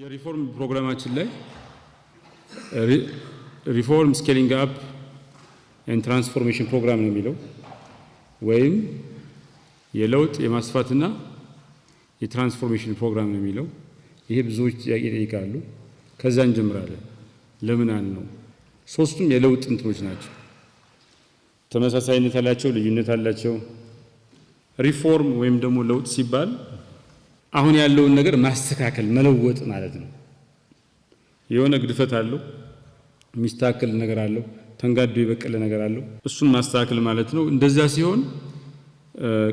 የሪፎርም ፕሮግራማችን ላይ ሪፎርም ስኬሊንግ አፕ ኤንድ ትራንስፎርሜሽን ፕሮግራም ነው የሚለው ወይም የለውጥ የማስፋትና የትራንስፎርሜሽን ፕሮግራም ነው የሚለው። ይሄ ብዙዎች ጥያቄ ይጠይቃሉ። ከዛ እንጀምራለን። ለምን አን ነው ሶስቱም የለውጥ እንትኖች ናቸው። ተመሳሳይነት አላቸው፣ ልዩነት አላቸው። ሪፎርም ወይም ደግሞ ለውጥ ሲባል አሁን ያለውን ነገር ማስተካከል መለወጥ ማለት ነው። የሆነ ግድፈት አለው፣ የሚስተካከል ነገር አለው፣ ተንጋዶ የበቀለ ነገር አለው። እሱን ማስተካከል ማለት ነው። እንደዚያ ሲሆን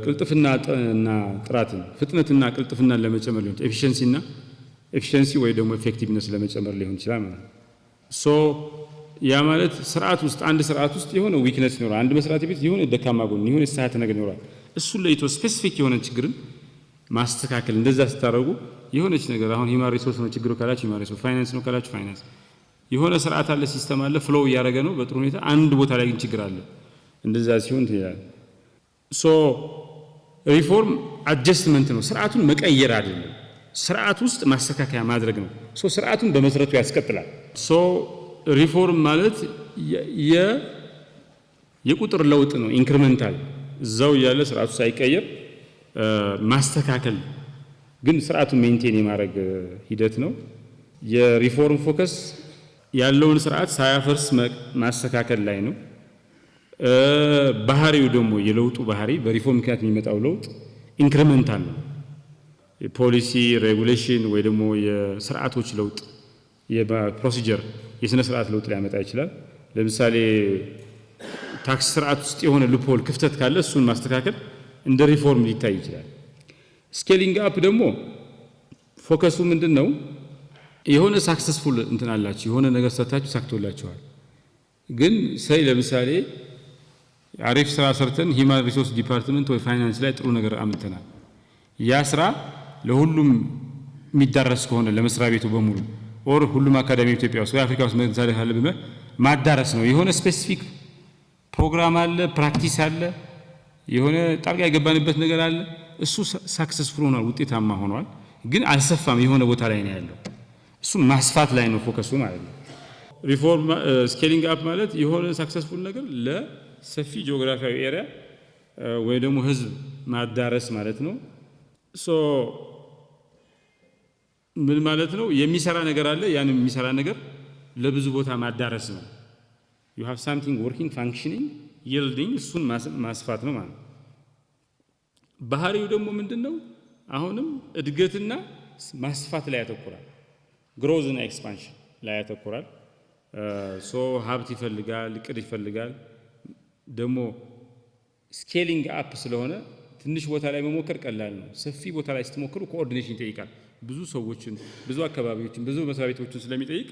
ቅልጥፍና ቅልጥፍናና ጥራትን ፍጥነትና ቅልጥፍናን ለመጨመር ሊሆን ኤፊሽንሲና ኤፊሽንሲ ወይ ደግሞ ኤፌክቲቭነስ ለመጨመር ሊሆን ይችላል ማለት ነው። ሶ ያ ማለት ስርዓት ውስጥ አንድ ስርዓት ውስጥ የሆነ ዊክነስ ይኖራል። አንድ መስራት ቤት የሆነ ደካማ ጎን የሆነ የተሳሳተ ነገር ይኖራል። እሱን ለይቶ ስፔሲፊክ የሆነ ችግርን ማስተካከል እንደዛ ስታደረጉ የሆነች ነገር አሁን ሂማን ሪሶርስ ነው ችግሩ ካላችሁ ሂማን ሪሶርስ፣ ፋይናንስ ነው ካላችሁ ፋይናንስ፣ የሆነ ስርዓት አለ፣ ሲስተም አለ፣ ፍሎው እያደረገ ነው በጥሩ ሁኔታ። አንድ ቦታ ላይ ግን ችግር አለ። እንደዛ ሲሆን ትላል። ሶ ሪፎርም አጀስትመንት ነው፣ ስርዓቱን መቀየር አይደለም፣ ስርዓት ውስጥ ማስተካከያ ማድረግ ነው። ሶ ስርዓቱን በመሰረቱ ያስቀጥላል። ሶ ሪፎርም ማለት የቁጥር ለውጥ ነው፣ ኢንክሪመንታል እዛው እያለ ስርዓቱ ሳይቀየር ማስተካከል ግን ስርዓቱን ሜንቴን የማድረግ ሂደት ነው። የሪፎርም ፎከስ ያለውን ስርዓት ሳያፈርስ ማስተካከል ላይ ነው። ባህሪው ደግሞ የለውጡ ባህሪ በሪፎርም ምክንያት የሚመጣው ለውጥ ኢንክሪመንታል ነው። የፖሊሲ ሬጉሌሽን ወይ ደግሞ የስርዓቶች ለውጥ የፕሮሲጀር የስነ ስርዓት ለውጥ ሊያመጣ ይችላል። ለምሳሌ ታክስ ስርዓት ውስጥ የሆነ ሉፕሆል ክፍተት ካለ እሱን ማስተካከል እንደ ሪፎርም ሊታይ ይችላል። ስኬሊንግ አፕ ደግሞ ፎከሱ ምንድን ነው? የሆነ ሳክሰስፉል እንትን አላችሁ፣ የሆነ ነገር ሰታችሁ ሳክቶላችኋል። ግን ሰይ ለምሳሌ አሪፍ ስራ ሰርተን ሂማን ሪሶርስ ዲፓርትመንት ወይ ፋይናንስ ላይ ጥሩ ነገር አምተናል ያ ስራ ለሁሉም የሚዳረስ ከሆነ ለመስሪያ ቤቱ በሙሉ ኦር ሁሉም አካዳሚ ኢትዮጵያ ውስጥ አፍሪካ ውስጥ መዛደፍ አለብህ ማዳረስ ነው። የሆነ ስፔሲፊክ ፕሮግራም አለ፣ ፕራክቲስ አለ የሆነ ጣልቃ የገባንበት ነገር አለ። እሱ ሳክሰስፉል ሆኗል፣ ውጤታማ ሆኗል፣ ግን አልሰፋም። የሆነ ቦታ ላይ ነው ያለው። እሱ ማስፋት ላይ ነው ፎከሱ ማለት ነው። ሪፎርም ስኬሊንግ አፕ ማለት የሆነ ሳክሰስፉል ነገር ለሰፊ ጂኦግራፊያዊ ኤሪያ ወይ ደግሞ ህዝብ ማዳረስ ማለት ነው። ሶ ምን ማለት ነው? የሚሰራ ነገር አለ። ያን የሚሰራ ነገር ለብዙ ቦታ ማዳረስ ነው። ዩ ሃቭ ሳምቲንግ ወርኪንግ ፋንክሽኒንግ ይልዲንግ እሱን ማስፋት ነው ማለት ባህሪው ደግሞ ምንድን ነው? አሁንም እድገትና ማስፋት ላይ ያተኩራል። ግሮዝ ኤክስፓንሽን ላይ ያተኩራል። ሶ ሀብት ይፈልጋል፣ ቅድ ይፈልጋል። ደግሞ ስኬሊንግ አፕ ስለሆነ ትንሽ ቦታ ላይ መሞከር ቀላል ነው። ሰፊ ቦታ ላይ ስትሞክሩ ኮኦርዲኔሽን ይጠይቃል። ብዙ ሰዎችን፣ ብዙ አካባቢዎችን፣ ብዙ መስሪያ ቤቶችን ስለሚጠይቅ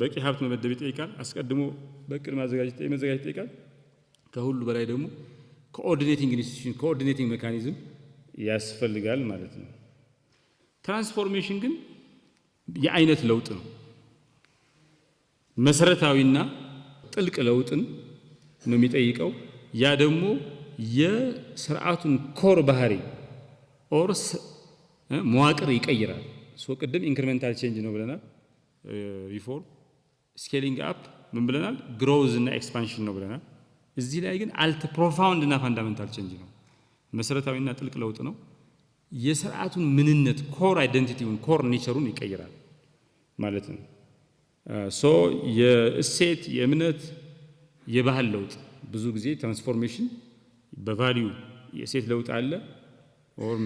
በቂ ሀብት መመደብ ይጠይቃል። አስቀድሞ በቅድ ማዘጋጀት መዘጋጀት ይጠይቃል። ከሁሉ በላይ ደግሞ ኮኦርዲኔቲንግ ኢንስቲቱሽን ኮኦርዲኔቲንግ ሜካኒዝም ያስፈልጋል ማለት ነው። ትራንስፎርሜሽን ግን የአይነት ለውጥ ነው። መሰረታዊና ጥልቅ ለውጥን ነው የሚጠይቀው። ያ ደግሞ የስርዓቱን ኮር ባህሪ ኦርስ መዋቅር ይቀይራል። ሶ ቅድም ኢንክሪሜንታል ቼንጅ ነው ብለናል። ሪፎርም ስኬሊንግ አፕ ምን ብለናል? ግሮዝ እና ኤክስፓንሽን ነው ብለናል። እዚህ ላይ ግን አልት ፕሮፋውንድ እና ፋንዳመንታል ቼንጅ ነው፣ መሰረታዊና ጥልቅ ለውጥ ነው። የስርዓቱን ምንነት ኮር አይደንቲቲውን ኮር ኔቸሩን ይቀይራል ማለት ነው። ሶ የእሴት የእምነት የባህል ለውጥ ብዙ ጊዜ ትራንስፎርሜሽን በቫሊዩ የእሴት ለውጥ አለ ኦር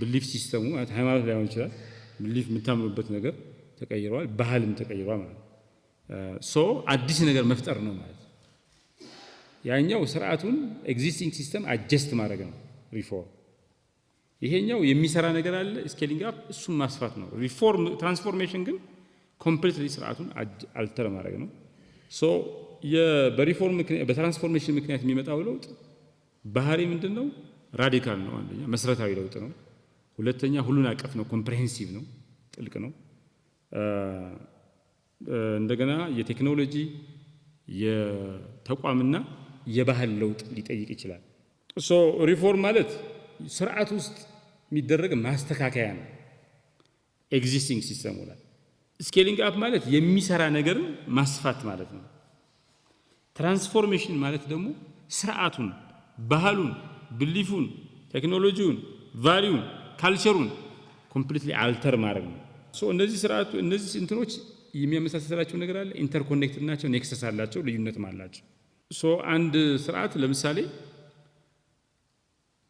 ብሊፍ ሲስተሙ ሃይማኖት ላይሆን ይችላል ብሊፍ የምታምኑበት ነገር ተቀይረዋል፣ ባህልም ተቀይሯል ማለት ነው። አዲስ ነገር መፍጠር ነው ማለት ያኛው ስርዓቱን ኤግዚስቲንግ ሲስተም አጀስት ማድረግ ነው ሪፎርም። ይሄኛው የሚሰራ ነገር አለ ስኬሊንግ አፕ፣ እሱም ማስፋት ነው። ሪፎርም ትራንስፎርሜሽን ግን ኮምፕሊትሊ ስርዓቱን አልተር ማድረግ ነው። በሪፎርም በትራንስፎርሜሽን ምክንያት የሚመጣው ለውጥ ባህሪ ምንድን ነው? ራዲካል ነው። አንደኛ መሰረታዊ ለውጥ ነው። ሁለተኛ ሁሉን አቀፍ ነው፣ ኮምፕሬሄንሲቭ ነው፣ ጥልቅ ነው። እንደገና የቴክኖሎጂ የተቋምና የባህል ለውጥ ሊጠይቅ ይችላል። ሶ ሪፎርም ማለት ስርዓት ውስጥ የሚደረግ ማስተካከያ ነው። ኤግዚስቲንግ ሲስተም ላይ ስኬሊንግ አፕ ማለት የሚሰራ ነገርን ማስፋት ማለት ነው። ትራንስፎርሜሽን ማለት ደግሞ ስርዓቱን፣ ባህሉን፣ ብሊፉን፣ ቴክኖሎጂውን፣ ቫሊዩን፣ ካልቸሩን ኮምፕሊትሊ አልተር ማድረግ ነው። እነዚህ ስርዓቱ እነዚህ እንትኖች የሚያመሳሰላቸው ነገር አለ። ኢንተርኮኔክትድ ናቸው፣ ኔክሰስ አላቸው፣ ልዩነትም አላቸው። ሶ አንድ ስርዓት ለምሳሌ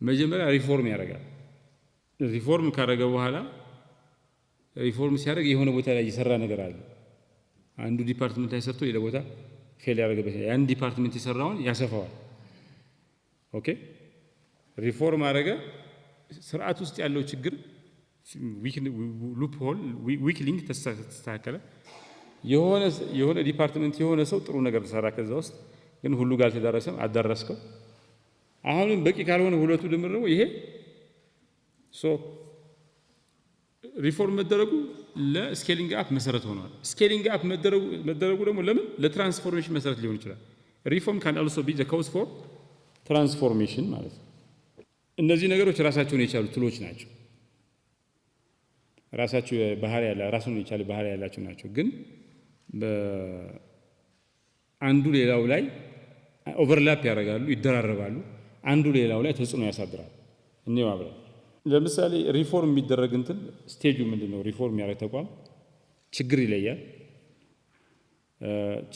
መጀመሪያ ሪፎርም ያደርጋል። ሪፎርም ካደረገ በኋላ ሪፎርም ሲያደርግ የሆነ ቦታ ላይ የሰራ ነገር አለ። አንዱ ዲፓርትመንት ላይ ሰርቶ ሌላ ቦታ ፌል ያደረገበት ያን ዲፓርትመንት የሰራውን ያሰፋዋል። ኦኬ ሪፎርም አደረገ። ስርዓት ውስጥ ያለው ችግር ሉፕ ሆል ተስተካከለ። የሆነ ዲፓርትመንት የሆነ ሰው ጥሩ ነገር ሰራ ከዛ ውስጥ ግን ሁሉ ጋር አልተዳረሰም። አዳረስከው። አሁንም በቂ ካልሆነ ሁለቱ ድምር ነው ይሄ ሪፎርም መደረጉ ለስኬሊንግ አፕ መሰረት ሆኗል። ስኬሊንግ አፕ መደረጉ ደግሞ ለምን ለትራንስፎርሜሽን መሰረት ሊሆን ይችላል። ሪፎርም ካን አልሶ ቢ ዘ ፎር ትራንስፎርሜሽን ማለት ነው። እነዚህ ነገሮች ራሳቸውን የቻሉ ትሎች ናቸው። ራሳቸው ባህሪ ያለ ራሱን የቻለ ባህሪ ያላቸው ናቸው። ግን አንዱ ሌላው ላይ ኦቨርላፕ ያደርጋሉ፣ ይደራረባሉ። አንዱ ሌላው ላይ ተጽዕኖ ያሳድራል። እኔ ማብራል ለምሳሌ ሪፎርም የሚደረግ እንትን ስቴጁ ምንድን ነው? ሪፎርም ያደረግ ተቋም ችግር ይለያል።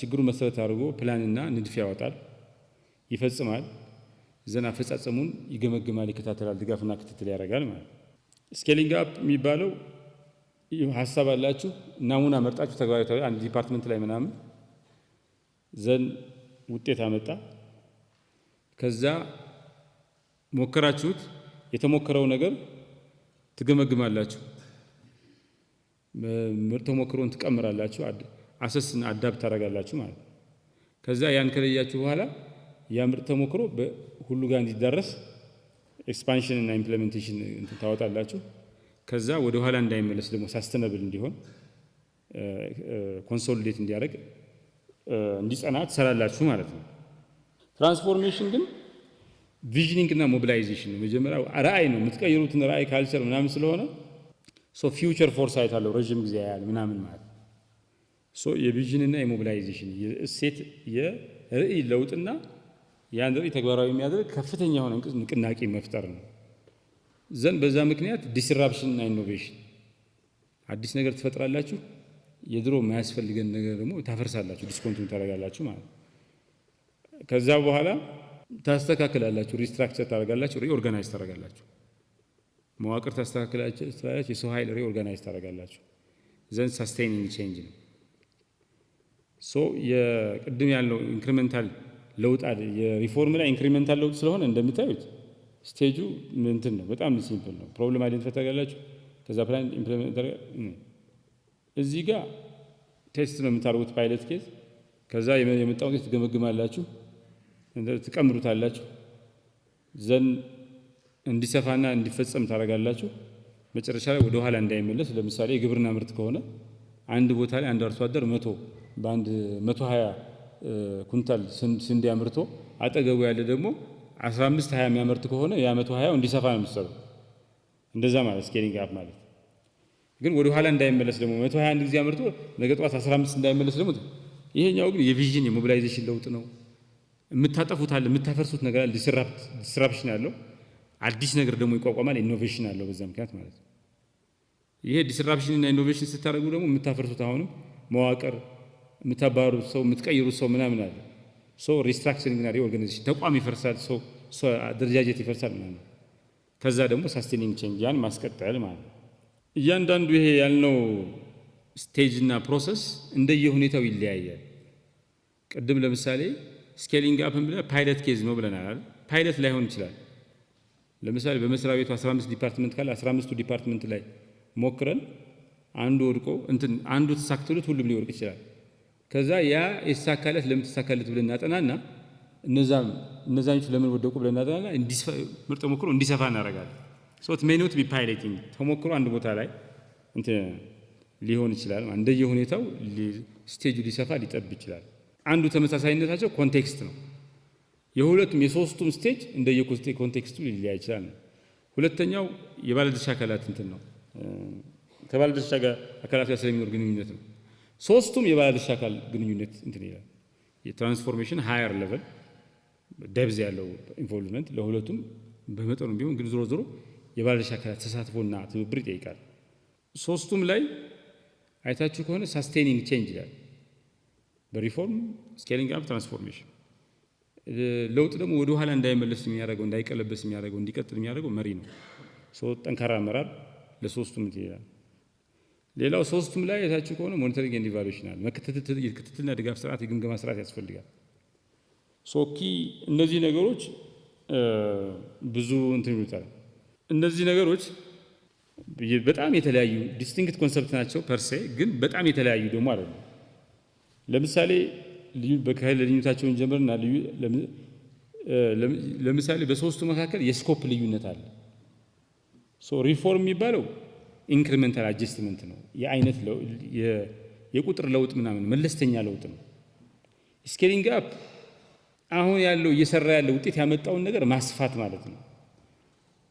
ችግሩ መሰረት አድርጎ ፕላንና ንድፍ ያወጣል፣ ይፈጽማል። ዘና አፈጻጸሙን ይገመግማል፣ ይከታተላል፣ ድጋፍና ክትትል ያደርጋል ማለት ነው። ስኬሊንግ አፕ የሚባለው ሀሳብ አላችሁ ናሙና መርጣችሁ ተግባራዊ አንድ ዲፓርትመንት ላይ ምናምን ዘን ውጤት አመጣ። ከዛ ሞከራችሁት፣ የተሞከረው ነገር ትገመግማላችሁ፣ ተሞክሮን ትቀምራላችሁ፣ አሰስና አዳብ ታደርጋላችሁ ማለት ነው። ከዛ ያን ከለያችሁ በኋላ ያ ምርጥ ተሞክሮ በሁሉ ጋር እንዲዳረስ ኤክስፓንሽን እና ኢምፕሌሜንቴሽን ታወጣላችሁ። ከዛ ወደ ኋላ እንዳይመለስ ደግሞ ሳስተነብል እንዲሆን ኮንሶሊዴት እንዲያደርግ እንዲጸና ትሰራላችሁ ማለት ነው። ትራንስፎርሜሽን ግን ቪዥኒንግ እና ሞቢላይዜሽን ነው። መጀመሪያ ራእይ ነው የምትቀይሩትን ራእይ ካልቸር ምናምን ስለሆነ ሶ ፊውቸር ፎርሳይት አለው ረዥም ጊዜ ያያል ምናምን ማለት ነው። ሶ የሞቢላይዜሽን የእሴት የርእይ ለውጥና ያን ርእይ ተግባራዊ የሚያደርግ ከፍተኛ የሆነ ንቅናቄ መፍጠር ነው። ዘንድ በዛ ምክንያት ዲስራፕሽን ና ኢኖቬሽን አዲስ ነገር ትፈጥራላችሁ፣ የድሮ የማያስፈልገን ነገር ደግሞ ታፈርሳላችሁ፣ ዲስኮንቲኒ ታደርጋላችሁ ማለት ከዛ በኋላ ታስተካክላላችሁ፣ ሪስትራክቸር ታደረጋላችሁ ሪኦርጋናይዝ ታደረጋላችሁ መዋቅር ታስተካክላላችሁ፣ የሰው ኃይል ሪኦርጋናይዝ ታደርጋላችሁ። ዘንድ ሳስቴኒንግ ቼንጅ ነው። ሶ የቅድም ያለው ኢንክሪሜንታል ለውጥ የሪፎርም ላይ ኢንክሪሜንታል ለውጥ ስለሆነ እንደምታዩት ስቴጁ እንትን ነው። በጣም ሲምፕል ነው። ፕሮብለም አይደንቲፋይ ታደርጋላችሁ። ከዛ ፕላን ኢምፕሊመንት እዚህ ጋር ቴስት ነው የምታደርጉት ፓይለት ኬዝ። ከዛ የመጣው ኬዝ ትገመግማላችሁ፣ ትቀምሩታላችሁ፣ ዘን እንዲሰፋና እንዲፈጸም ታደርጋላችሁ። መጨረሻ ላይ ወደ ኋላ እንዳይመለስ። ለምሳሌ የግብርና ምርት ከሆነ አንድ ቦታ ላይ አንድ አርሶ አደር መቶ በአንድ መቶ ሀያ ኩንታል ስንዴ አምርቶ አጠገቡ ያለ ደግሞ 15 20 የሚያመርት ከሆነ የአመቱ 20 እንዲሰፋ ነው የምትሰራው። እንደዛ ማለት ስኬሊንግ አፕ ማለት ግን ወደ ኋላ እንዳይመለስ ደግሞ 121 ጊዜ አመርቶ ነገ ጠዋት 15 እንዳይመለስ ደግሞ ይሄኛው ግን የቪዥን የሞቢላይዜሽን ለውጥ ነው። የምታጠፉት አለ የምታፈርሱት ነገር አለ፣ ዲስራፕሽን አለው። አዲስ ነገር ደግሞ ይቋቋማል፣ ኢኖቬሽን አለው በዛ ምክንያት ማለት ነው። ይሄ ዲስራፕሽን እና ኢኖቬሽን ስታደርጉ ደግሞ የምታፈርሱት አሁንም መዋቅር፣ የምታባሩት ሰው፣ የምትቀይሩት ሰው ምናምን አለ ሪስትራክቸሪንግ እና ሪኦርጋናይዜሽን ተቋም ይፈርሳል፣ አደረጃጀት ይፈርሳል ማለት ነው። ከዛ ደግሞ ሳስቴኒንግ ቼንጅ ያን ማስቀጠል ማለት ነው። እያንዳንዱ ይሄ ያልነው ስቴጅና ፕሮሰስ እንደየሁኔታው ይለያያል። ቅድም ለምሳሌ ስኬሊንግ አፕን ብለህ ፓይለት ኬዝ ነው ብለናል። ፓይለት ላይሆን ይችላል። ለምሳሌ በመስሪያ ቤቱ 15 ዲፓርትመንት ካለ 15ቱ ዲፓርትመንት ላይ ሞክረን አንዱ ወድቆ እንትን አንዱ ተሳክቶለት ሁሉም ሊወድቅ ይችላል። ከዛ ያ የተሳካለት ለምን ተሳካለት ብለን እናጠናና እነዛም እነዛኞቹ ለምን ወደቁ ብለን እናጠናና ምርጥ ተሞክሮ እንዲሰፋ እናደርጋለን። ሶት ሜኖት ቢ ፓይለቲንግ ተሞክሮ አንድ ቦታ ላይ ሊሆን ይችላል። እንደየ ሁኔታው ስቴጁ ሊሰፋ ሊጠብ ይችላል። አንዱ ተመሳሳይነታቸው ኮንቴክስት ነው። የሁለቱም የሶስቱም ስቴጅ እንደየ ኮንቴክስቱ ሊለያ ይችላል። ሁለተኛው የባለድርሻ አካላት እንትን ነው ከባለድርሻ አካላት ጋር ስለሚኖር ግንኙነት ነው። ሶስቱም የባለድርሻ አካል ግንኙነት እንትን ይላል። የትራንስፎርሜሽን ሃየር ሌቨል ደብዝ ያለው ኢንቮልቭመንት ለሁለቱም በመጠኑ ቢሆን ግን ዞሮ ዞሮ የባለድርሻ አካላት ተሳትፎና ትብብር ይጠይቃል። ሶስቱም ላይ አይታችሁ ከሆነ ሳስቴኒንግ ቼንጅ ይላል። በሪፎርም ስኬሊንግ አፕ ትራንስፎርሜሽን ለውጥ ደግሞ ወደ ኋላ እንዳይመለስ የሚያደርገው እንዳይቀለበስ የሚያደርገው እንዲቀጥል የሚያደርገው መሪ ነው። ጠንካራ አመራር ለሶስቱም ይላል። ሌላው ሶስቱም ላይ የታችሁ ከሆነ ሞኒተሪንግ ኤንድ አለ የክትትልና ድጋፍ ስርዓት የግምገማ ስርዓት ያስፈልጋል። ሶኪ እነዚህ ነገሮች ብዙ እንትን ይሉታል። እነዚህ ነገሮች በጣም የተለያዩ ዲስቲንክት ኮንሰፕት ናቸው ፐርሴ፣ ግን በጣም የተለያዩ ደግሞ አለ ለምሳሌ ከኃይል ልዩነታቸውን ጀምርና ለምሳሌ በሶስቱ መካከል የስኮፕ ልዩነት አለ። ሪፎርም የሚባለው ኢንክሪመንታል አጀስትመንት ነው። የአይነት የቁጥር ለውጥ ምናምን መለስተኛ ለውጥ ነው። ስኬሊንግ አፕ አሁን ያለው እየሰራ ያለው ውጤት ያመጣውን ነገር ማስፋት ማለት ነው።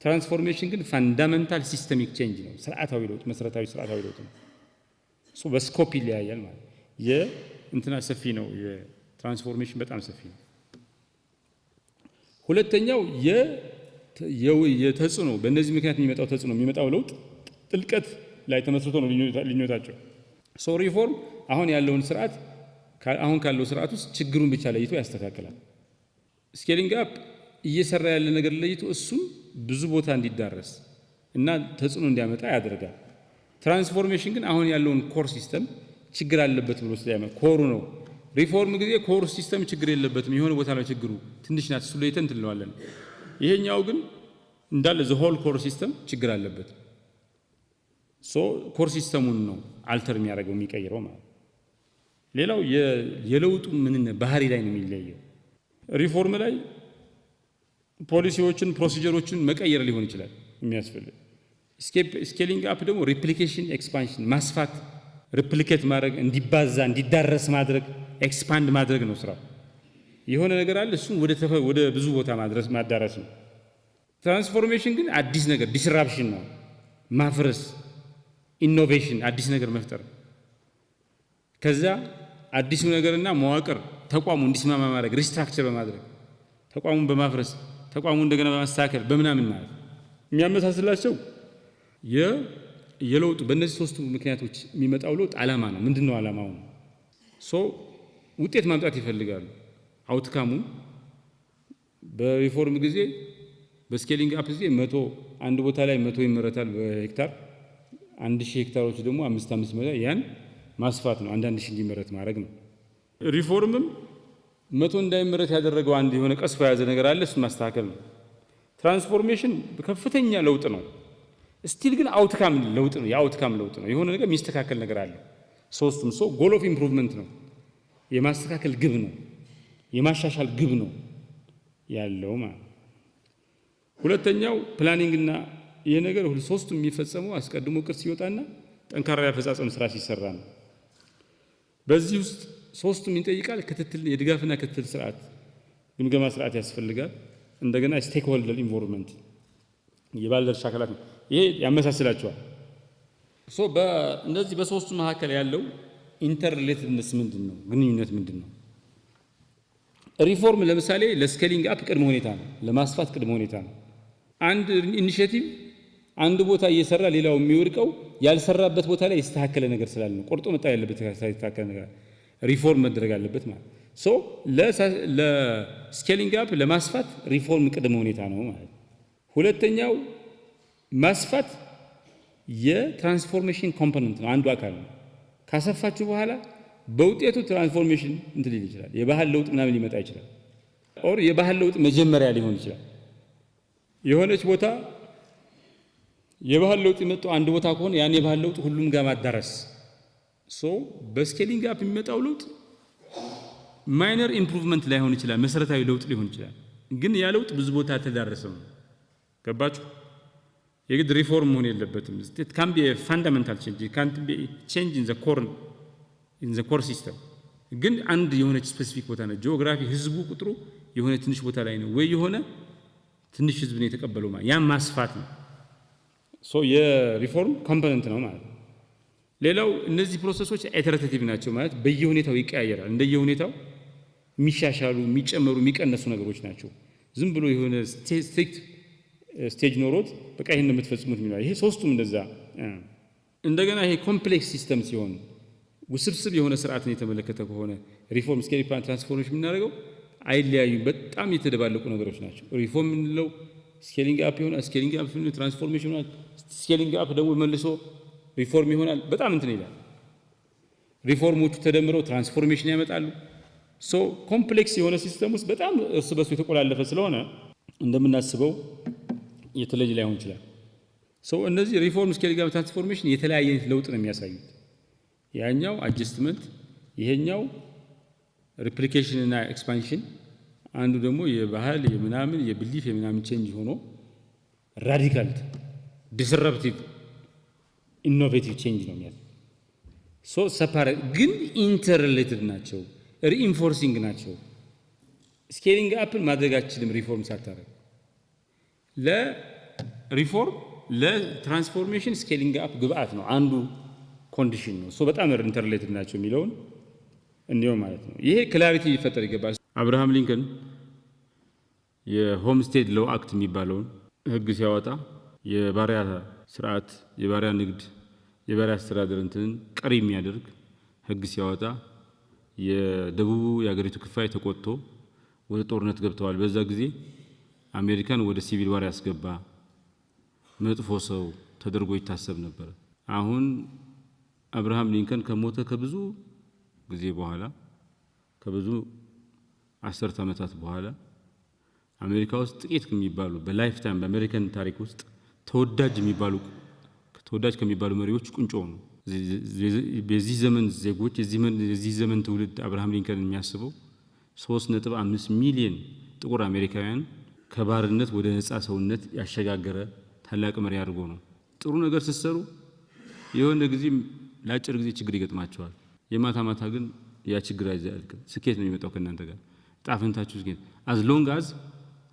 ትራንስፎርሜሽን ግን ፋንዳመንታል ሲስተሚክ ቼንጅ ነው። ስርዓታዊ ለውጥ፣ መሰረታዊ ስርዓታዊ ለውጥ ነው። እሱ በስኮፕ ይለያያል ማለት የእንትና ሰፊ ነው። የትራንስፎርሜሽን በጣም ሰፊ ነው። ሁለተኛው የተጽዕኖ በእነዚህ ምክንያት የሚመጣው ተጽዕኖ የሚመጣው ለውጥ ጥልቀት ላይ ተመስርቶ ነው ልኞታቸው ሶ ሪፎርም አሁን ያለውን ስርዓት አሁን ካለው ስርዓት ውስጥ ችግሩን ብቻ ለይቶ ያስተካክላል። ስኬሊንግ አፕ እየሰራ ያለ ነገር ለይቶ እሱም ብዙ ቦታ እንዲዳረስ እና ተጽዕኖ እንዲያመጣ ያደርጋል። ትራንስፎርሜሽን ግን አሁን ያለውን ኮር ሲስተም ችግር አለበት ብሎ ስለያመ ኮሩ ነው። ሪፎርም ጊዜ ኮር ሲስተም ችግር የለበትም የሆነ ቦታ ነው ችግሩ ትንሽ ናት፣ እሱ ለይተን እንትን ይሄኛው ግን እንዳለ ዘሆል ኮር ሲስተም ችግር አለበት። ኮር ሲስተሙን ነው አልተር የሚያደርገው የሚቀይረው ማለት። ሌላው የለውጡ ምንነት ባህሪ ላይ ነው የሚለየው። ሪፎርም ላይ ፖሊሲዎችን ፕሮሲጀሮችን መቀየር ሊሆን ይችላል የሚያስፈልግ። ስኬሊንግ አፕ ደግሞ ሪፕሊኬሽን ኤክስፓንሽን ማስፋት፣ ሪፕሊኬት ማድረግ፣ እንዲባዛ እንዲዳረስ ማድረግ፣ ኤክስፓንድ ማድረግ ነው ስራው። የሆነ ነገር አለ እሱም ወደ ብዙ ቦታ ማድረስ ማዳረስ ነው። ትራንስፎርሜሽን ግን አዲስ ነገር ዲስራፕሽን ነው ማፍረስ ኢኖቬሽን አዲስ ነገር መፍጠር ከዛ አዲሱ ነገርና መዋቅር ተቋሙ እንዲስማማ ማድረግ ሪስትራክቸር በማድረግ ተቋሙን በማፍረስ ተቋሙን እንደገና በማስተካከል በምናምን ማለት የሚያመሳስላቸው የለውጡ በእነዚህ ሶስቱ ምክንያቶች የሚመጣው ለውጥ አላማ ነው። ምንድን ነው አላማው ሶ ውጤት ማምጣት ይፈልጋሉ። አውትካሙ በሪፎርም ጊዜ በስኬሊንግ አፕ ጊዜ መቶ አንድ ቦታ ላይ መቶ ይመረታል በሄክታር አንድ ሺህ ሄክታሮች ደግሞ አምስት አምስት መቶ ያን ማስፋት ነው። አንዳንድ ሺህ እንዲመረት ማድረግ ነው። ሪፎርምም መቶ እንዳይመረት ያደረገው አንድ የሆነ ቀስፋ የያዘ ነገር አለ። እሱን ማስተካከል ነው። ትራንስፎርሜሽን ከፍተኛ ለውጥ ነው። ስቲል ግን አውትካም ለውጥ ነው። የአውትካም ለውጥ ነው። የሆነ ነገር የሚስተካከል ነገር አለ። ሶስቱም ሰው ጎል ኦፍ ኢምፕሩቭመንት ነው። የማስተካከል ግብ ነው። የማሻሻል ግብ ነው ያለው ማለት ሁለተኛው ፕላኒንግና ይሄ ነገር ሁሉ ሶስቱ የሚፈጸመው አስቀድሞ ቅርስ ሲወጣና ጠንካራ ያፈጻጸም ስራ ሲሰራ ነው። በዚህ ውስጥ ሶስቱም ይጠይቃል ክትትል፣ የድጋፍና ክትትል ስርዓት ግምገማ ስርዓት ያስፈልጋል። እንደገና ሆልደር ኢንቮልቭመንት የባለድርሻ አካላት ነው። ይሄ ያመሳስላቸዋል። ሶ በእነዚህ በሶስቱ መካከል ያለው ኢንተርሌትድነስ ምንድን ነው? ግንኙነት ምንድን ነው? ሪፎርም ለምሳሌ ለስኬሊንግ አፕ ቅድመ ሁኔታ ነው። ለማስፋት ቅድመ ሁኔታ ነው። አንድ ኢኒሽቲቭ አንድ ቦታ እየሰራ ሌላው የሚወድቀው ያልሰራበት ቦታ ላይ የስተካከለ ነገር ስላለ ነው። ቆርጦ መጣ ያለበት የተስተካከለ ነገር ሪፎርም መደረግ አለበት ማለት ሶ ለስኬሊንግ አፕ ለማስፋት ሪፎርም ቅድመ ሁኔታ ነው ማለት ሁለተኛው ማስፋት የትራንስፎርሜሽን ኮምፖነንት ነው፣ አንዱ አካል ነው። ካሰፋችሁ በኋላ በውጤቱ ትራንስፎርሜሽን እንትን ሊል ይችላል። የባህል ለውጥ ምናምን ሊመጣ ይችላል። ኦር የባህል ለውጥ መጀመሪያ ሊሆን ይችላል የሆነች ቦታ የባህል ለውጥ የመጣው አንድ ቦታ ከሆነ ያን የባህል ለውጥ ሁሉም ጋር ማዳረስ ሶ በስኬሊንግ አፕ የሚመጣው ለውጥ ማይነር ኢምፕሩቭመንት ላይሆን ይችላል፣ መሰረታዊ ለውጥ ሊሆን ይችላል። ግን ያ ለውጥ ብዙ ቦታ አልተዳረሰም። ገባችሁ? የግድ ሪፎርም መሆን የለበትም። ኢት ካን ቢ ፋንዳሜንታል ቼንጅ ካንት ቢ ቼንጅ ኢን ዘ ኮር ኢን ዘ ኮር ሲስተም። ግን አንድ የሆነች ስፔሲፊክ ቦታ ነው። ጂኦግራፊ ህዝቡ ቁጥሩ የሆነ ትንሽ ቦታ ላይ ነው ወይ የሆነ ትንሽ ህዝብ ነው የተቀበለው። ያ ማስፋት ነው። የሪፎርም ኮምፖነንት ነው ማለት ነው። ሌላው እነዚህ ፕሮሰሶች ኢተረቲቭ ናቸው ማለት በየሁኔታው ይቀያየራል። እንደየሁኔታው የሚሻሻሉ የሚጨመሩ፣ የሚቀነሱ ነገሮች ናቸው። ዝም ብሎ የሆነ ስትሪክት ስቴጅ ኖሮት በቃ ይህን የምትፈጽሙት የሚለው ይሄ ሶስቱም እንደዛ። እንደገና ይሄ ኮምፕሌክስ ሲስተም ሲሆን ውስብስብ የሆነ ስርዓትን የተመለከተ ከሆነ ሪፎርም ስኬል ፕላን ትራንስፎርሜሽን የምናደርገው አይለያዩ፣ በጣም የተደባለቁ ነገሮች ናቸው። ሪፎርም የምንለው ስኬሊንግ አፕ ይሆናል። ስኬሊንግ አፕ ትራንስፎርሜሽን ይሆናል። ስኬሊንግ አፕ ደግሞ መልሶ ሪፎርም ይሆናል። በጣም እንትን ይላል። ሪፎርሞቹ ተደምረው ትራንስፎርሜሽን ያመጣሉ። ሶ ኮምፕሌክስ የሆነ ሲስተም ውስጥ በጣም እርስ በሱ የተቆላለፈ ስለሆነ እንደምናስበው የተለየ ላይሆን ይችላል። ሶ እነዚህ ሪፎርም፣ ስኬሊንግ አፕ፣ ትራንስፎርሜሽን የተለያየ ለውጥ ነው የሚያሳዩት። ያኛው አጀስትመንት፣ ይሄኛው ሪፕሊኬሽን እና ኤክስፓንሽን አንዱ ደግሞ የባህል የምናምን የብሊፍ የምናምን ቼንጅ ሆኖ ራዲካል ዲስረፕቲቭ ኢኖቬቲቭ ቼንጅ ነው የሚያል ሶ ሰፓሬት ግን ኢንተርሌትድ ናቸው፣ ሪኢንፎርሲንግ ናቸው። ስኬሊንግ አፕን ማድረግ አችልም ሪፎርም ሳታረግ ለሪፎርም ለትራንስፎርሜሽን ስኬሊንግ አፕ ግብአት ነው፣ አንዱ ኮንዲሽን ነው። ሶ በጣም ኢንተርሌትድ ናቸው የሚለውን እንዲሁም ማለት ነው። ይሄ ክላሪቲ ሊፈጠር ይገባል። አብርሃም ሊንከን የሆምስቴድ ሎው አክት የሚባለውን ህግ ሲያወጣ የባሪያ ስርዓት፣ የባሪያ ንግድ፣ የባሪያ አስተዳደር እንትንን ቀሪ የሚያደርግ ህግ ሲያወጣ የደቡቡ የሀገሪቱ ክፋይ ተቆጥቶ ወደ ጦርነት ገብተዋል። በዛ ጊዜ አሜሪካን ወደ ሲቪል ዋር ያስገባ መጥፎ ሰው ተደርጎ ይታሰብ ነበር። አሁን አብርሃም ሊንከን ከሞተ ከብዙ ጊዜ በኋላ ከብዙ አስርተ ዓመታት በኋላ አሜሪካ ውስጥ ጥቂት የሚባሉ በላይፍ ታይም በአሜሪካን ታሪክ ውስጥ ተወዳጅ የሚባሉ ተወዳጅ ከሚባሉ መሪዎች ቁንጮ ነው። የዚህ ዘመን ዜጎች የዚህ ዘመን ትውልድ አብርሃም ሊንከን የሚያስበው አምስት ሚሊየን ጥቁር አሜሪካውያን ከባርነት ወደ ነፃ ሰውነት ያሸጋገረ ታላቅ መሪ አድርጎ ነው። ጥሩ ነገር ስትሰሩ የሆነ ጊዜ ለአጭር ጊዜ ችግር ይገጥማቸዋል። የማታ ማታ ግን ያ ችግር አይዘልቅም። ስኬት ነው የሚመጣው ከእናንተ ጋር ጣፈንታችሁ ግን አዝ ሎንግ አዝ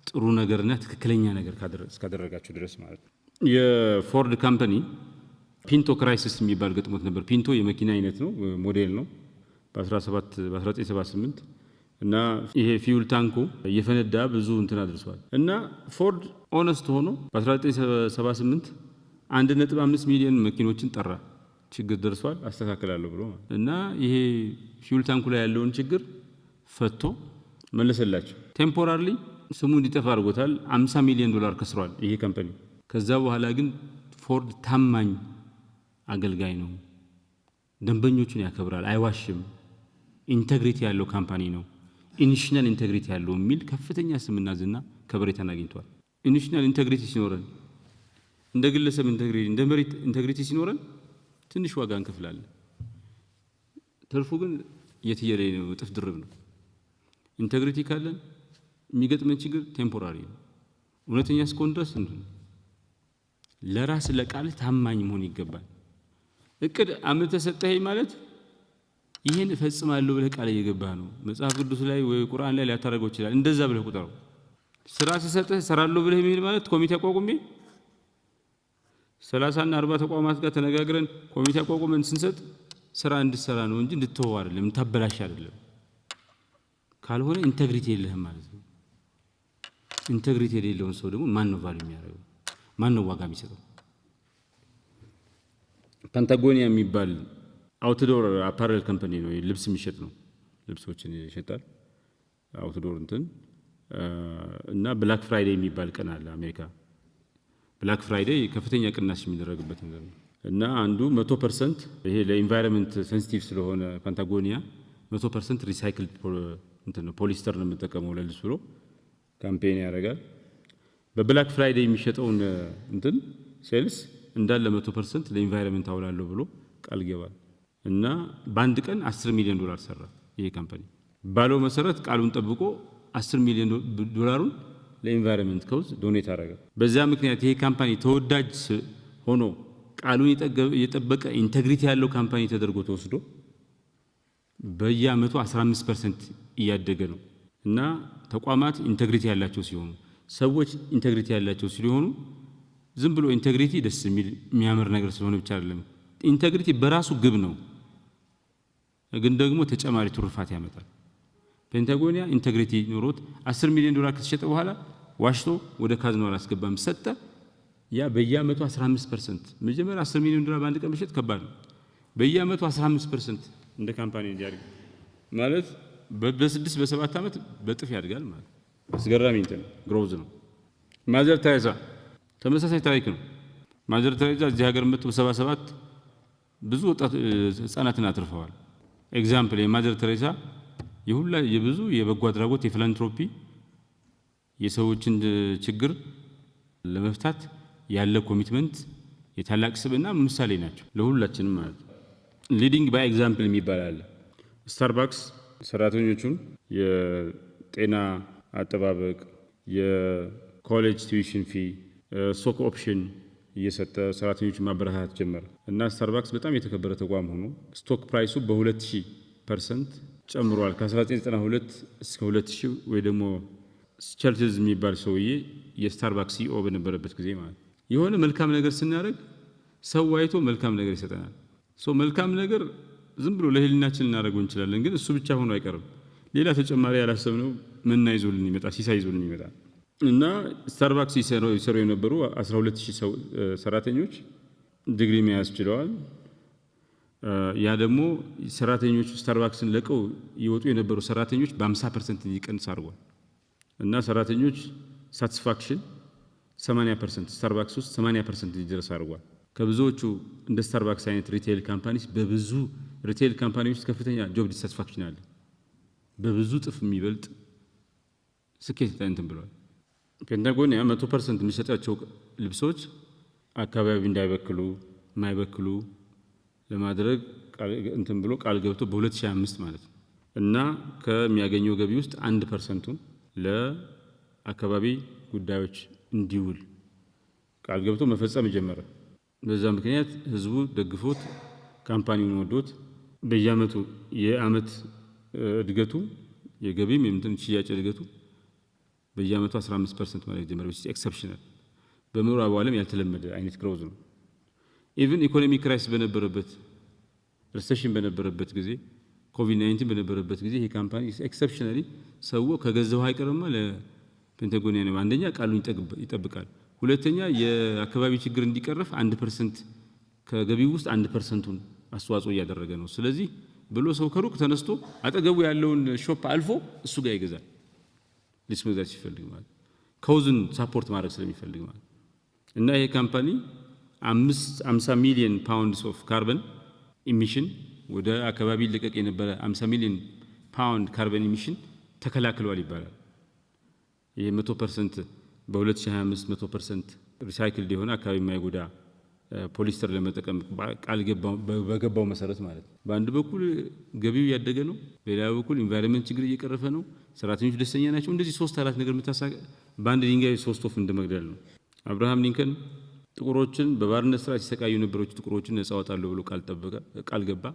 ጥሩ ነገርና ትክክለኛ ነገር እስካደረጋችሁ ድረስ ማለት ነው። የፎርድ ካምፓኒ ፒንቶ ክራይሲስ የሚባል ገጥሞት ነበር። ፒንቶ የመኪና አይነት ነው፣ ሞዴል ነው በ1978 እና ይሄ ፊውል ታንኩ እየፈነዳ ብዙ እንትን አድርሰዋል። እና ፎርድ ኦነስት ሆኖ በ1978 አንድ ነጥብ አምስት ሚሊዮን መኪኖችን ጠራ። ችግር ደርሷል አስተካክላለሁ ብሎ እና ይሄ ፊውል ታንኩ ላይ ያለውን ችግር ፈቶ መለሰላቸው። ቴምፖራሪ ስሙ እንዲጠፋ አድርጎታል። 50 ሚሊዮን ዶላር ከስሯል ይሄ ካምፓኒ። ከዛ በኋላ ግን ፎርድ ታማኝ አገልጋይ ነው፣ ደንበኞቹን ያከብራል፣ አይዋሽም፣ ኢንተግሪቲ ያለው ካምፓኒ ነው፣ ኢንሽናል ኢንተግሪቲ ያለው የሚል ከፍተኛ ስምና ዝና ከበሬታን አግኝቷል። ኢንሽናል ኢንቴግሪቲ ሲኖረን እንደ ግለሰብ ኢንቴግሪቲ እንደ መሬት ኢንቴግሪቲ ሲኖረን ትንሽ ዋጋ እንከፍላለን። ትርፉ ግን የትየለሌ ነው፣ እጥፍ ድርብ ነው። ኢንቴግሪቲ ካለን የሚገጥመን ችግር ቴምፖራሪ ነው። እውነተኛ እስከሆን ድረስ እንዱ ለራስ ለቃል ታማኝ መሆን ይገባል። እቅድ አመት ተሰጠኸኝ ማለት ይህን እፈጽማለሁ ብለህ ቃል እየገባህ ነው። መጽሐፍ ቅዱስ ላይ ወይ ቁርአን ላይ ሊያታረገው ይችላል። እንደዛ ብለህ ቁጠረው። ስራ ስሰጥህ ሰራለሁ ብለህ የሚል ማለት ኮሚቴ አቋቁሜ ሰላሳና አርባ ተቋማት ጋር ተነጋግረን ኮሚቴ አቋቁመን ስንሰጥ ስራ እንድሰራ ነው እንጂ እንድትወው አይደለም፣ እንታበላሽ አይደለም። ካልሆነ ኢንቴግሪቲ የለህም ማለት ነው። ኢንቴግሪቲ የሌለውን ሰው ደግሞ ማን ነው ቫሉ የሚያደርገው? ማን ነው ዋጋ የሚሰጠው? ፓንታጎኒያ የሚባል አውትዶር አፓረል ካምፓኒ ነው፣ ልብስ የሚሸጥ ነው። ልብሶችን ይሸጣል አውትዶር እንትን እና ብላክ ፍራይዴይ የሚባል ቀን አለ አሜሪካ። ብላክ ፍራይዴይ ከፍተኛ ቅናሽ የሚደረግበት ነገር ነው እና አንዱ መቶ ፐርሰንት ይሄ ለኢንቫይሮንመንት ሴንሲቲቭ ስለሆነ ፓንታጎኒያ መቶ ፐርሰንት ሪሳይክል እንትን ነው ፖሊስተር ነው የምጠቀመው ለልስ ብሎ ካምፔን ያደርጋል። በብላክ ፍራይዴይ የሚሸጠውን እንትን ሴልስ እንዳለ መቶ ፐርሰንት አውላለሁ ብሎ ቃል ገባል እና በአንድ ቀን 10 ሚሊዮን ዶላር ሰራ። ይሄ ካምፓኒ ባለው መሰረት ቃሉን ጠብቆ 10 ሚሊዮን ዶላሩን ለኢንቫይሮንመንት ከውዝ ዶኔት አደረገ። በዚያ ምክንያት ይሄ ካምፓኒ ተወዳጅ ሆኖ ቃሉን የጠበቀ ኢንተግሪቲ ያለው ካምፓኒ ተደርጎ ተወስዶ በየአመቱ 15 ፐርሰንት እያደገ ነው እና ተቋማት ኢንቴግሪቲ ያላቸው ሲሆኑ ሰዎች ኢንቴግሪቲ ያላቸው ሲሆኑ ዝም ብሎ ኢንቴግሪቲ ደስ የሚል የሚያምር ነገር ስለሆነ ብቻ አይደለም። ኢንቴግሪቲ በራሱ ግብ ነው፣ ግን ደግሞ ተጨማሪ ትሩፋት ያመጣል። ፔንታጎኒያ ኢንቴግሪቲ ኖሮት 10 ሚሊዮን ዶላር ከተሸጠ በኋላ ዋሽቶ ወደ ካዝኖ አላስገባም፣ ሰጠ። ያ በየአመቱ 15% መጀመሪያ 10 ሚሊዮን ዶላር በአንድ ቀን መሸጥ ከባድ ነው። በየአመቱ 15% እንደ ካምፓኒ እንዲያደርግ ማለት በስድስት በሰባት ዓመት በጥፍ ያድጋል ማለት አስገራሚ እንትን ግሮዝ ነው። ማዘር ተሬዛ ተመሳሳይ ታሪክ ነው። ማዘር ተሬዛ እዚህ ሀገር መጥቶ በሰባ ሰባት ብዙ ወጣት ህጻናትን አትርፈዋል። ኤግዛምፕል የማዘር ተሬዛ የሁላ የብዙ የበጎ አድራጎት የፊላንትሮፒ የሰዎችን ችግር ለመፍታት ያለ ኮሚትመንት የታላቅ ስብዕና ምሳሌ ናቸው ለሁላችንም ማለት ነው። ሊዲንግ ባይ ኤግዛምፕል የሚባል አለ። ስታርባክስ ሰራተኞቹም የጤና አጠባበቅ፣ የኮሌጅ ቲዩሽን ፊ፣ ስቶክ ኦፕሽን እየሰጠ ሰራተኞቹን ማበረታታት ጀመረ እና ስታርባክስ በጣም የተከበረ ተቋም ሆኖ ስቶክ ፕራይሱ በ2000 ፐርሰንት ጨምሯል። ከ1992 እስከ 2000 ወይ ደግሞ ቸርችልዝ የሚባል ሰውዬ የስታርባክስ ሲኦ በነበረበት ጊዜ ማለት የሆነ መልካም ነገር ስናደርግ ሰው አይቶ መልካም ነገር ይሰጠናል። መልካም ነገር ዝም ብሎ ለህሊናችን ልናደርገው እንችላለን። ግን እሱ ብቻ ሆኖ አይቀርም። ሌላ ተጨማሪ ያላሰብነው መና ይዞልን ይመጣል፣ ሲሳ ይዞልን ይመጣል። እና ስታርባክስ ይሰሩ የነበሩ 12000 ሰራተኞች ድግሪ መያዝ ችለዋል። ያ ደግሞ ሰራተኞቹ ስታርባክስን ለቀው ይወጡ የነበሩ ሰራተኞች በ50 ፐርሰንት እንዲቀንስ አድርጓል። እና ሰራተኞች ሳትስፋክሽን 80 ፐርሰንት ስታርባክስ ውስጥ 80 ፐርሰንት እንዲደርስ አድርጓል። ከብዙዎቹ እንደ ስታርባክስ አይነት ሪቴይል ካምፓኒስ በብዙ ሪቴል ካምፓኒ ውስጥ ከፍተኛ ጆብ ዲሳትስፋክሽን አለ። በብዙ ጥፍ የሚበልጥ ስኬት እንትን ብለዋል። ከእንዳ ያ መቶ ፐርሰንት የሚሰጣቸው ልብሶች አካባቢ እንዳይበክሉ የማይበክሉ ለማድረግ እንትን ብሎ ቃል ገብቶ በ2025 ማለት ነው እና ከሚያገኘው ገቢ ውስጥ አንድ ፐርሰንቱን ለአካባቢ ጉዳዮች እንዲውል ቃል ገብቶ መፈጸም ጀመረ። በዛ ምክንያት ህዝቡ ደግፎት ካምፓኒውን ወዶት በየአመቱ የአመት እድገቱ የገቢም የምትን ሽያጭ እድገቱ በየአመቱ 15 ፐርሰንት ማለት ጀመረ ኤክሰፕሽናል በምዕራቡ ዓለም ያልተለመደ አይነት ግሮዝ ነው። ኢቭን ኢኮኖሚ ክራይስ በነበረበት ሪሴሽን በነበረበት ጊዜ ኮቪድ 19 በነበረበት ጊዜ ይሄ ካምፓኒ ኤክሰፕሽናሊ ሰው ከገዛው አይቀርማ ለፔንታጎኒያ ነው። አንደኛ ቃሉን ይጠብቃል፣ ሁለተኛ የአካባቢ ችግር እንዲቀረፍ አንድ ፐርሰንት ከገቢው ውስጥ አንድ ፐርሰንቱን አስተዋጽኦ እያደረገ ነው። ስለዚህ ብሎ ሰው ከሩቅ ተነስቶ አጠገቡ ያለውን ሾፕ አልፎ እሱ ጋር ይገዛል። ሊስ መግዛት ሲፈልግ ማለት ከውዝን ሳፖርት ማድረግ ስለሚፈልግ ማለት እና ይሄ ካምፓኒ አምሳ ሚሊዮን ፓውንድስ ኦፍ ካርበን ኢሚሽን ወደ አካባቢ ልቀቅ የነበረ አምሳ ሚሊዮን ፓውንድ ካርበን ኢሚሽን ተከላክሏል ይባላል። ይህ መቶ ፐርሰንት በ2025 መቶ ፐርሰንት ሪሳይክልድ የሆነ አካባቢ የማይጎዳ ፖሊስተር ለመጠቀም ቃል በገባው መሰረት ማለት ነው። በአንድ በኩል ገቢው እያደገ ነው፣ በሌላ በኩል ኢንቫይሮንመንት ችግር እየቀረፈ ነው፣ ሰራተኞች ደስተኛ ናቸው። እንደዚህ ሶስት አራት ነገር ምታሳ በአንድ ድንጋይ ሶስት ወፍ እንደመግደል ነው። አብርሃም ሊንከን ጥቁሮችን በባርነት ስራ ሲሰቃዩ የነበሮች ጥቁሮችን ነጻ ወጣለሁ ብሎ ቃል ጠበቀ፣ ቃል ገባ።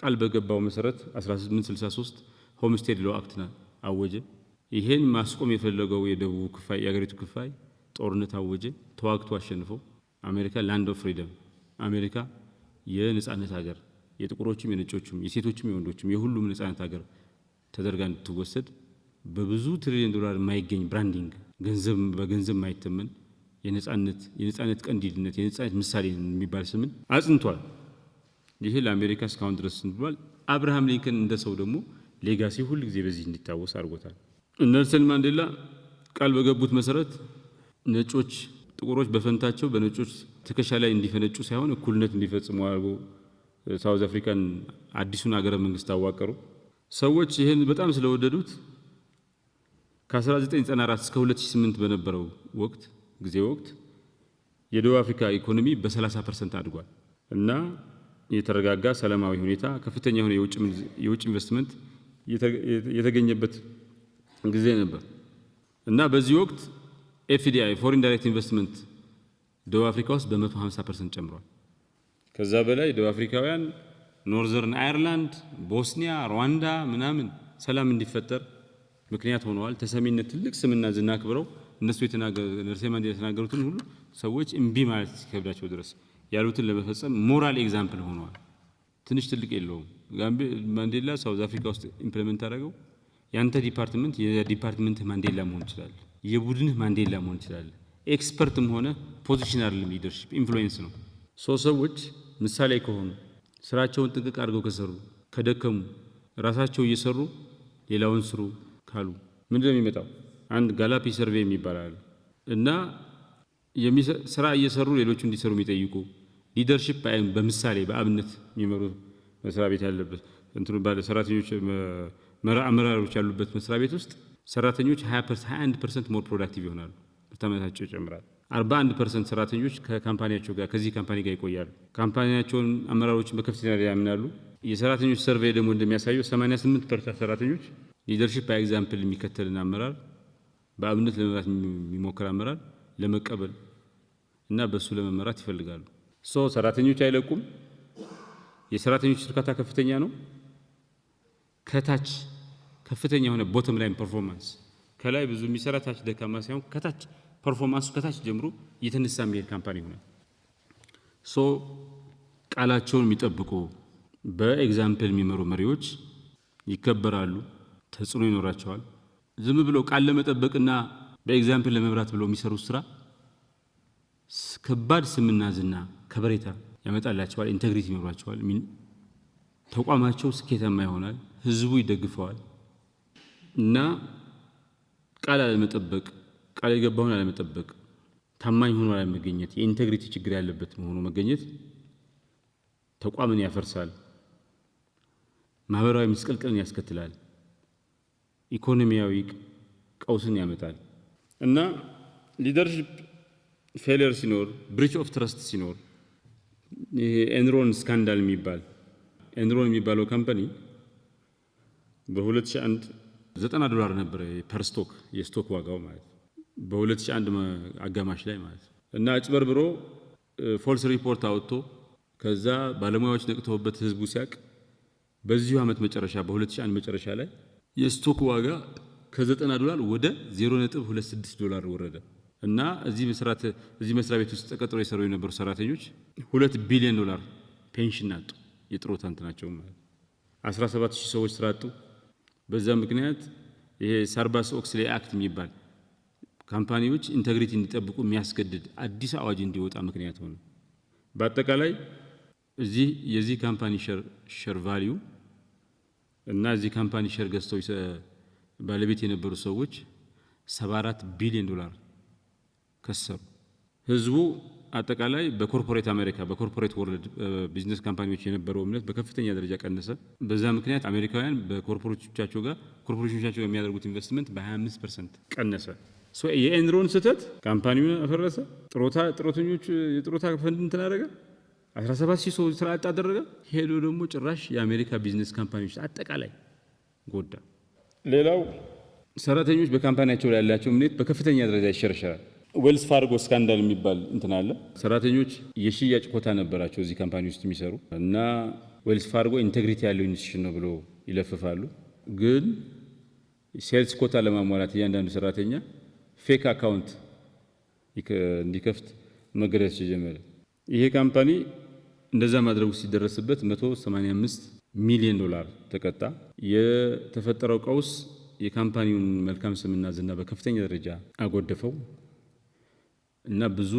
ቃል በገባው መሰረት 1863 ሆምስቴድ ሎ አክትና አወጀ። ይሄን ማስቆም የፈለገው የደቡብ ክፋይ የአገሪቱ ክፋይ ጦርነት አወጀ። ተዋግቶ አሸንፈው አሜሪካ ላንድ ኦፍ ፍሪደም፣ አሜሪካ የነጻነት ሀገር፣ የጥቁሮችም የነጮችም የሴቶችም የወንዶችም የሁሉም ነጻነት ሀገር ተደርጋ እንድትወሰድ በብዙ ትሪሊዮን ዶላር የማይገኝ ብራንዲንግ፣ ገንዘብ በገንዘብ የማይተመን የነጻነት የነጻነት ቀንዲድነት የነጻነት ምሳሌ የሚባል ስምን አጽንቷል። ይህ ለአሜሪካ እስካሁን ድረስ ብሏል። አብርሃም ሊንከን እንደ ሰው ደግሞ ሌጋሲ ሁል ጊዜ በዚህ እንዲታወስ አድርጎታል። ኔልሰን ማንዴላ ቃል በገቡት መሰረት ነጮች ጥቁሮች በፈንታቸው በነጮች ትከሻ ላይ እንዲፈነጩ ሳይሆን እኩልነት እንዲፈጽሙ አድርጎ ሳውዝ አፍሪካን አዲሱን አገረ መንግስት አዋቀሩ። ሰዎች ይህን በጣም ስለወደዱት ከ1994 እስከ 2008 በነበረው ወቅት ጊዜ ወቅት የደቡብ አፍሪካ ኢኮኖሚ በ30 ፐርሰንት አድጓል እና የተረጋጋ ሰላማዊ ሁኔታ ከፍተኛ የሆነ የውጭ ኢንቨስትመንት የተገኘበት ጊዜ ነበር እና በዚህ ወቅት ኤፍዲአይ ፎሪን ዳይሬክት ኢንቨስትመንት ደቡብ አፍሪካ ውስጥ በ150 ፐርሰንት ጨምሯል። ከዛ በላይ ደቡብ አፍሪካውያን ኖርዘርን አየርላንድ፣ ቦስኒያ፣ ሩዋንዳ ምናምን ሰላም እንዲፈጠር ምክንያት ሆነዋል። ተሰሚነት ትልቅ ስምና ዝና ክብረው እነሱ nelson ማንዴላ የተናገሩትን ሁሉ ሰዎች እምቢ ማለት ሲከብዳቸው ድረስ ያሉትን ለመፈጸም ሞራል ኤግዛምፕል ሆነዋል። ትንሽ ትልቅ የለውም። ማንዴላ ሳውዝ አፍሪካ ውስጥ ኢምፕሌመንት አደረገው። ያንተ ዲፓርትመንት የዲፓርትመንት ማንዴላ መሆን ይችላል። የቡድንህ ማንዴላ መሆን ይችላል። ኤክስፐርትም ሆነ ፖዚሽናል ሊደርሽፕ ኢንፍሉዌንስ ነው። ሶ ሰዎች ምሳሌ ከሆኑ ስራቸውን ጥንቅቅ አድርገው ከሰሩ ከደከሙ ራሳቸው እየሰሩ ሌላውን ስሩ ካሉ ምንድን ነው የሚመጣው? አንድ ጋላፒ ሰርቬ የሚባላል እና ስራ እየሰሩ ሌሎቹ እንዲሰሩ የሚጠይቁ ሊደርሽፕ በምሳሌ በአብነት የሚመሩ መስሪያ ቤት ያለበት ሰራተኞች አመራሮች ያሉበት መስሪያ ቤት ውስጥ ሰራተኞች 21 ፐርሰንት ሞር ፕሮዳክቲቭ ይሆናሉ። ምርታማነታቸው ይጨምራል። 41 ፐርሰንት ሰራተኞች ከካምፓኒያቸው ጋር ከዚህ ካምፓኒ ጋር ይቆያሉ። ካምፓኒያቸውን አመራሮችን በከፍተኛ ያምናሉ። የሰራተኞች ሰርቬይ ደግሞ እንደሚያሳየው 88 ፐርሰንት ሰራተኞች ሊደርሽፕ በኤግዛምፕል የሚከተልን አመራር በአብነት ለመምራት የሚሞክር አመራር ለመቀበል እና በእሱ ለመመራት ይፈልጋሉ። ሶ ሰራተኞች አይለቁም። የሰራተኞች እርካታ ከፍተኛ ነው። ከታች ከፍተኛ የሆነ ቦተም ላይን ፐርፎርማንስ ከላይ ብዙ የሚሰራ ታች ደካማ ሳይሆን ከታች ፐርፎርማንሱ ከታች ጀምሮ እየተነሳ የሚሄድ ካምፓኒ ይሆናል። ሶ ቃላቸውን የሚጠብቁ በኤግዛምፕል የሚመሩ መሪዎች ይከበራሉ፣ ተጽዕኖ ይኖራቸዋል። ዝም ብሎ ቃል ለመጠበቅና በኤግዛምፕል ለመብራት ብለው የሚሰሩት ስራ ከባድ ስምና ዝና ከበሬታ ያመጣላቸዋል። ኢንቴግሪቲ ይኖራቸዋል። ተቋማቸው ስኬታማ ይሆናል። ህዝቡ ይደግፈዋል። እና ቃል አለመጠበቅ፣ ቃል የገባውን አለመጠበቅ፣ ታማኝ ሆኖ አለመገኘት፣ የኢንቴግሪቲ ችግር ያለበት መሆኑ መገኘት ተቋምን ያፈርሳል፣ ማህበራዊ ምስቅልቅልን ያስከትላል፣ ኢኮኖሚያዊ ቀውስን ያመጣል እና ሊደርሽፕ ፌሊየር ሲኖር ብሪች ኦፍ ትረስት ሲኖር ይሄ ኤንሮን ስካንዳል የሚባል ኤንሮን የሚባለው ካምፓኒ በ 201 ዘጠና ዶላር ነበረ ፐርስቶክ የስቶክ ዋጋው ማለት በ2001 አጋማሽ ላይ ማለት እና አጭበርብሮ ፎልስ ሪፖርት አውጥቶ ከዛ ባለሙያዎች ነቅተውበት ህዝቡ ሲያቅ በዚሁ ዓመት መጨረሻ በ2001 መጨረሻ ላይ የስቶክ ዋጋ ከ90 ዶላር ወደ 0.26 ዶላር ወረደ እና እዚህ መስሪያ ቤት ውስጥ ተቀጥሮ የሰሩ የነበሩ ሰራተኞች ሁለት ቢሊዮን ዶላር ፔንሽን አጡ። የጡረታ እንትናቸው ማለት 17 ሰዎች ስራ አጡ። በዛ ምክንያት ይሄ ሰርባስ ኦክስሌ አክት የሚባል ካምፓኒዎች ኢንተግሪቲ እንዲጠብቁ የሚያስገድድ አዲስ አዋጅ እንዲወጣ ምክንያት ሆነ። በአጠቃላይ እዚህ የዚህ ካምፓኒ ሸር ቫሊዩ እና እዚህ ካምፓኒ ሸር ገዝተው ባለቤት የነበሩ ሰዎች 74 ቢሊዮን ዶላር ከሰሩ። ህዝቡ አጠቃላይ በኮርፖሬት አሜሪካ በኮርፖሬት ወርልድ ቢዝነስ ካምፓኒዎች የነበረው እምነት በከፍተኛ ደረጃ ቀነሰ። በዛ ምክንያት አሜሪካውያን በኮርፖሬቶቻቸው ጋር ኮርፖሬሽኖቻቸው የሚያደርጉት ኢንቨስትመንት በ25 ፐርሰንት ቀነሰ። የኤንሮን ስህተት ካምፓኒውን አፈረሰ። ጥሮታ ጥሮተኞች የጥሮታ ፈንድ እንትን አደረገ። 17 ሺህ ሰው ስራ አጥ አደረገ። ሄዶ ደግሞ ጭራሽ የአሜሪካ ቢዝነስ ካምፓኒዎች አጠቃላይ ጎዳ። ሌላው ሰራተኞች በካምፓኒያቸው ላይ ያላቸው እምነት በከፍተኛ ደረጃ ይሸረሸራል። ዌልስ ፋርጎ ስካንዳል የሚባል እንትን አለ። ሰራተኞች የሽያጭ ኮታ ነበራቸው እዚህ ካምፓኒ ውስጥ የሚሰሩ እና ዌልስ ፋርጎ ኢንቴግሪቲ ያለው ኢንስቲትዩሽን ነው ብሎ ይለፍፋሉ። ግን ሴልስ ኮታ ለማሟላት እያንዳንዱ ሰራተኛ ፌክ አካውንት እንዲከፍት መገደድ ተጀመረ። ይሄ ካምፓኒ እንደዛ ማድረጉ ሲደረስበት 185 ሚሊዮን ዶላር ተቀጣ። የተፈጠረው ቀውስ የካምፓኒውን መልካም ስምና ዝና በከፍተኛ ደረጃ አጎደፈው። እና ብዙ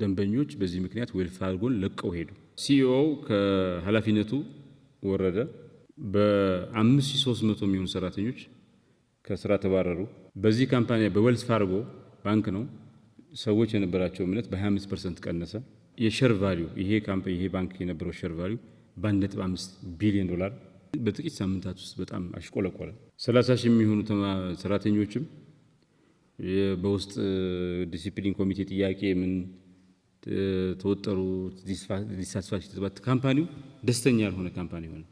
ደንበኞች በዚህ ምክንያት ፋርጎን ለቀው ሄዱ። ሲኢኦ ከኃላፊነቱ ወረደ። በ5300 የሚሆኑ ሰራተኞች ከስራ ተባረሩ። በዚህ ካምፓኒ በዌልስ ፋርጎ ባንክ ነው ሰዎች የነበራቸው እምነት በ25 ፐርሰንት ቀነሰ። የሸር ቫሊዩ ይሄ ባንክ የነበረው ሸር ቫሊዩ በ1.5 ቢሊዮን ዶላር በጥቂት ሳምንታት ውስጥ በጣም አሽቆለቆለ። 30 ሺህ የሚሆኑ ሰራተኞችም በውስጥ ዲሲፕሊን ኮሚቴ ጥያቄ ምን ተወጠሩ ዲሳትስፋክሽን ካምፓኒው ደስተኛ ያልሆነ ካምፓኒ ሆነ።